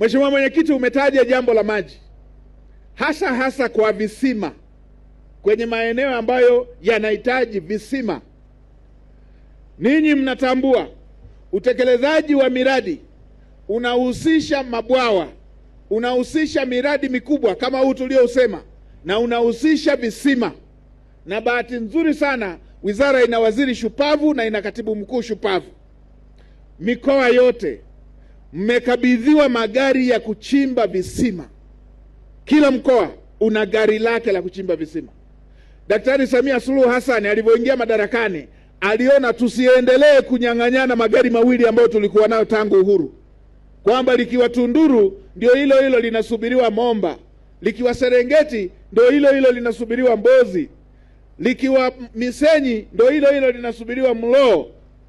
Mheshimiwa Mwenyekiti, umetaja jambo la maji, hasa hasa kwa visima kwenye maeneo ambayo yanahitaji visima. Ninyi mnatambua utekelezaji wa miradi unahusisha mabwawa, unahusisha miradi mikubwa kama huu tuliousema, na unahusisha visima. Na bahati nzuri sana wizara ina waziri shupavu na ina katibu mkuu shupavu. Mikoa yote mmekabidhiwa magari ya kuchimba visima. Kila mkoa una gari lake la kuchimba visima. Daktari Samia Suluhu Hassan alivyoingia madarakani aliona tusiendelee kunyang'anyana magari mawili ambayo tulikuwa nayo tangu uhuru, kwamba likiwa Tunduru ndio hilo hilo linasubiriwa Momba, likiwa Serengeti ndio hilo hilo linasubiriwa Mbozi, likiwa Misenyi ndio hilo hilo linasubiriwa Mloo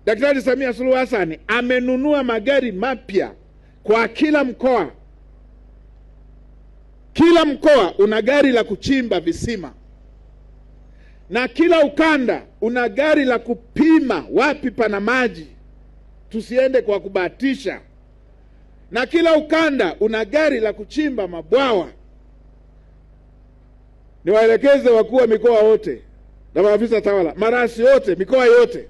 Daktari Samia Suluhu Hassan amenunua magari mapya kwa kila mkoa. Kila mkoa una gari la kuchimba visima na kila ukanda una gari la kupima wapi pana maji, tusiende kwa kubahatisha, na kila ukanda una gari la kuchimba mabwawa. Niwaelekeze wakuu wa mikoa wote na maafisa tawala, marasi yote mikoa yote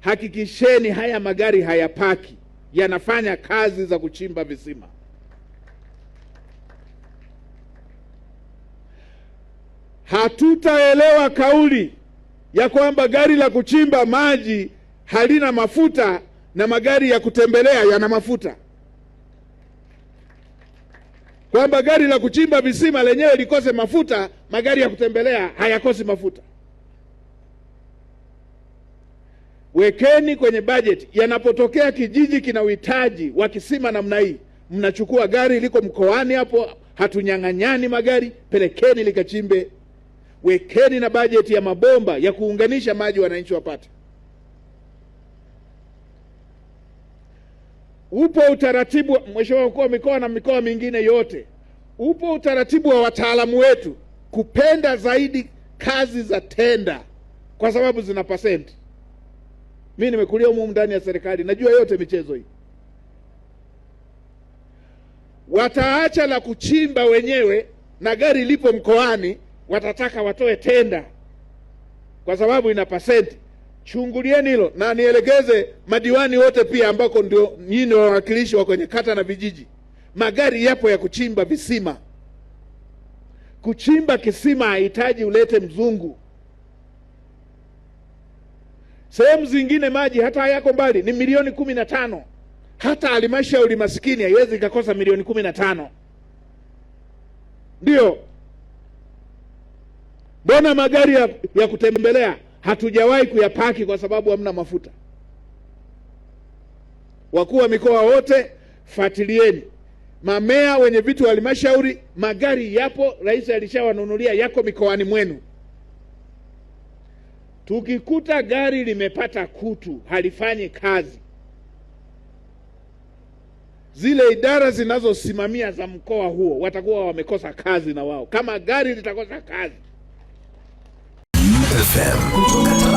hakikisheni haya magari hayapaki, yanafanya kazi za kuchimba visima. Hatutaelewa kauli ya kwamba gari la kuchimba maji halina mafuta na magari ya kutembelea yana mafuta, kwamba gari la kuchimba visima lenyewe likose mafuta, magari ya kutembelea hayakosi mafuta. wekeni kwenye bajeti. Yanapotokea kijiji kina uhitaji wa kisima namna hii, mnachukua gari liko mkoani hapo, hatunyang'anyani magari, pelekeni likachimbe. Wekeni na bajeti ya mabomba ya kuunganisha maji wananchi wapate. Upo utaratibu, Mheshimiwa Mkuu wa Mikoa na mikoa mingine yote, upo utaratibu wa wataalamu wetu kupenda zaidi kazi za tenda kwa sababu zina pasenti mi nimekulia humu ndani ya serikali, najua yote michezo hii. Wataacha la kuchimba wenyewe, na gari lipo mkoani, watataka watoe tenda kwa sababu ina pasenti. Chungulieni hilo na nielekeze madiwani wote pia, ambako ndio nyinyi wawakilishi wa kwenye kata na vijiji. Magari yapo ya kuchimba visima. Kuchimba kisima hahitaji ulete mzungu. Sehemu zingine maji hata hayako mbali, ni milioni kumi na tano. Hata halmashauri maskini haiwezi ikakosa milioni kumi na tano. Ndiyo, mbona magari ya, ya kutembelea hatujawahi kuyapaki kwa sababu hamna mafuta? Wakuu wa mikoa wote fuatilieni, mamea wenye vitu wa halmashauri, magari yapo, rais alishawanunulia, yako mikoani mwenu. Tukikuta gari limepata kutu, halifanyi kazi, zile idara zinazosimamia za mkoa huo watakuwa wamekosa kazi na wao, kama gari litakosa kazi FM.